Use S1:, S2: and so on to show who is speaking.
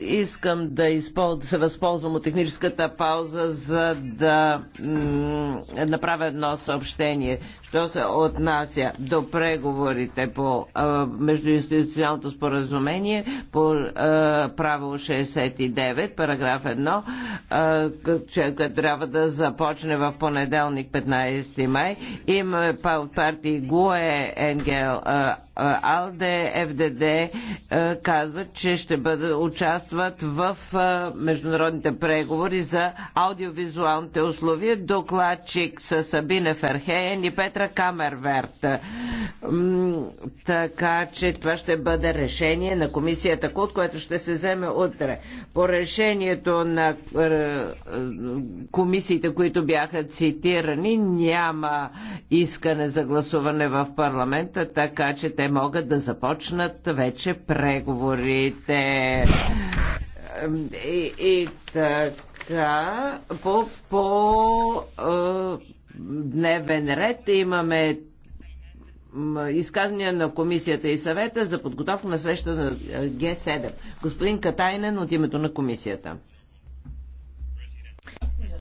S1: Искам
S2: да се възползвам от техническата пауза, за да направя едно съобщение, що се отнася до преговорите по междуинституционалното споразумение по право 69, параграф 1, че трябва да започне в понеделник 15 май. Има партии ГУЕ, НГЛ, АЛДЕ, ФДД е, казват, че ще бъдат, участват в е, международните преговори за аудиовизуалните условия, Докладчик с Сабина Ферхеен и Петра Камерверт. Така че това ще бъде решение на комисията КУД, което ще се вземе утре. По решението на е, комисиите, които бяха цитирани, няма искане за гласуване в парламента, така че те могат могат да започнат вече преговорите. И, и така, по, по е, дневен ред имаме изказвания на комисията и съвета за подготовка на среща на е, Г7. Господин Катайнен от името на комисията.